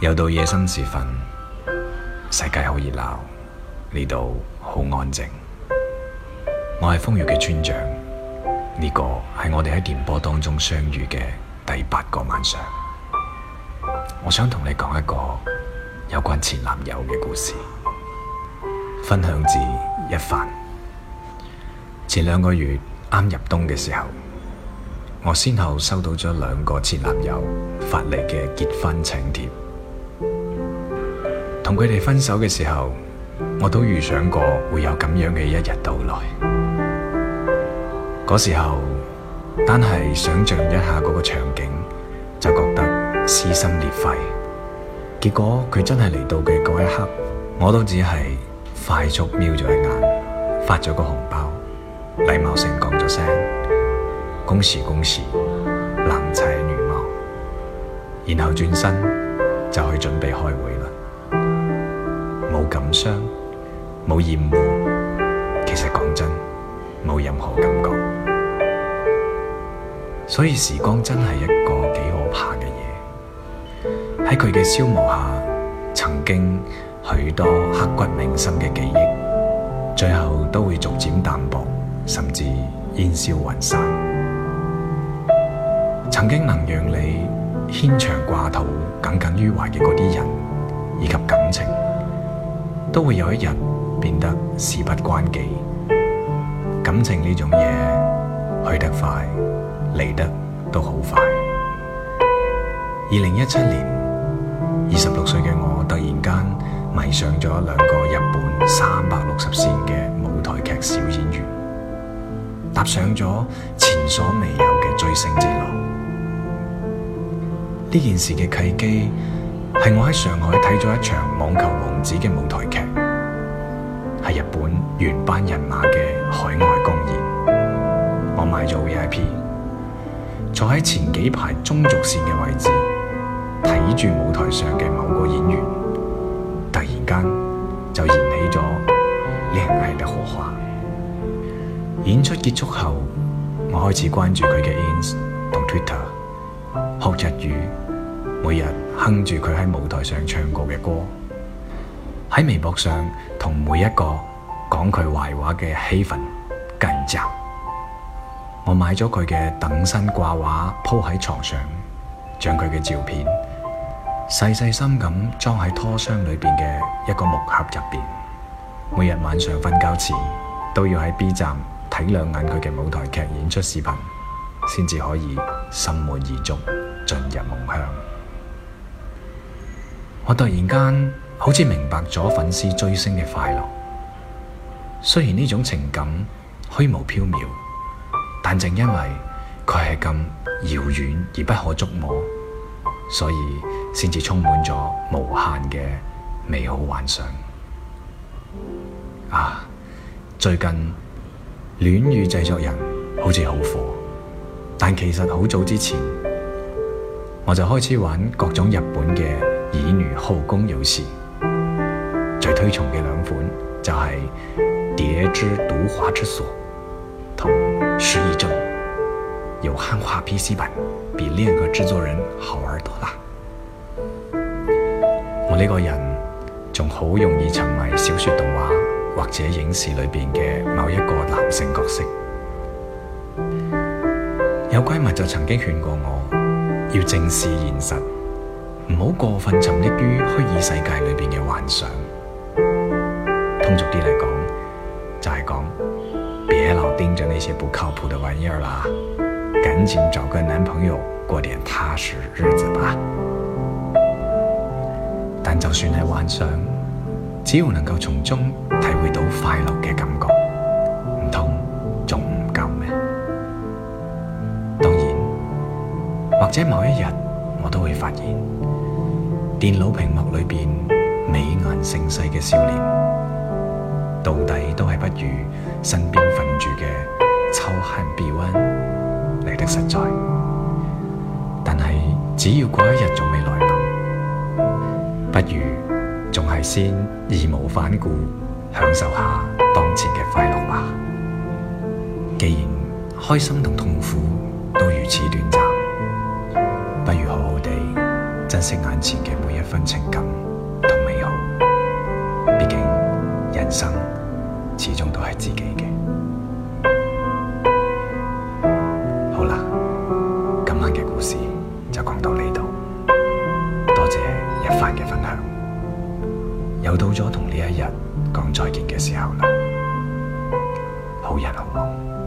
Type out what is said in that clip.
又到夜深時分，世界好熱鬧，呢度好安靜。我係瘋粵嘅村長，呢個係我哋喺電波當中相遇嘅第八個晚上。我想同你講一個有關前男友嘅故事，分享自一凡。前兩個月啱入冬嘅時候，我先後收到咗兩個前男友發嚟嘅結婚請帖。同佢哋分手嘅時候，我都預想過會有咁樣嘅一日到來。嗰時候，單係想象一下嗰個場景，就覺得撕心裂肺。結果佢真係嚟到嘅嗰一刻，我都只係快速瞄咗一眼，發咗個紅包，禮貌性講咗聲，恭喜恭喜，郎才女貌，然後轉身就去準備開會啦。感傷冇厭惡，其實講真冇任何感覺，所以時光真係一個幾可怕嘅嘢。喺佢嘅消磨下，曾經許多刻骨銘心嘅記憶，最後都會逐漸淡薄，甚至煙消雲散。曾經能讓你牽腸掛肚、耿耿於懷嘅嗰啲人，以及都會有一日變得事不關己。感情呢種嘢，去得快，嚟得都好快。二零一七年，二十六歲嘅我突然間迷上咗兩個日本三百六十綫嘅舞台劇小演員，踏上咗前所未有嘅追星之路。呢件事嘅契機，係我喺上海睇咗一場網球王子嘅舞台劇，係日本原班人馬嘅海外公演。我買咗 VIP，坐喺前幾排中軸線嘅位置，睇住舞台上嘅某個演員，突然間就燃起咗戀愛嘅火花。演出結束後，我開始關注佢嘅 ins 同 Twitter，學日語。每日哼住佢喺舞台上唱過嘅歌，喺微博上同每一個講佢壞話嘅黑子幹架。我買咗佢嘅等身掛畫鋪喺床上，將佢嘅照片細細心咁裝喺拖箱裏邊嘅一個木盒入邊。每日晚上瞓覺前都要喺 B 站睇兩眼佢嘅舞台劇演出視頻，先至可以心滿意足進入夢鄉。我突然間好似明白咗粉絲追星嘅快樂，雖然呢種情感虛無縹緲，但正因為佢係咁遙遠而不可捉摸，所以先至充滿咗無限嘅美好幻想。啊，最近戀與製作人好似好火，但其實好早之前我就開始玩各種日本嘅。乙女後宮遊戲最推崇嘅兩款就係、是《蝶之毒華之鎖》同《失憶症》，有漢化 PC 版，比戀與製作人好玩多啦。我呢個人仲好容易沉迷小說、動畫或者影視裏邊嘅某一個男性角色。有閨蜜就曾經勸過我，要正視現實。唔好過分沉溺於虛擬世界裏邊嘅幻想。通俗啲嚟講，就係、是、講別老盯着那些不靠譜嘅玩意兒啦，趕緊找個男朋友過點踏實日子吧。但就算係幻想，只要能夠從中體會到快樂嘅感覺，唔通仲唔夠咩？當然，或者某一日我都會發現。電腦屏幕裏邊美顏盛世嘅少年，到底都係不如身邊瞓住嘅秋寒 b u 嚟得實在。但係只要過一日仲未來，臨，不如仲係先義無反顧享受下當前嘅快樂吧。既然開心同痛苦都如此短暫，不如好好地珍惜眼前嘅。份情感同美好，畢竟人生始終都係自己嘅。好啦，今晚嘅故事就講到呢度，多謝一帆嘅分享。又到咗同呢一日講再見嘅時候啦，好人好夢。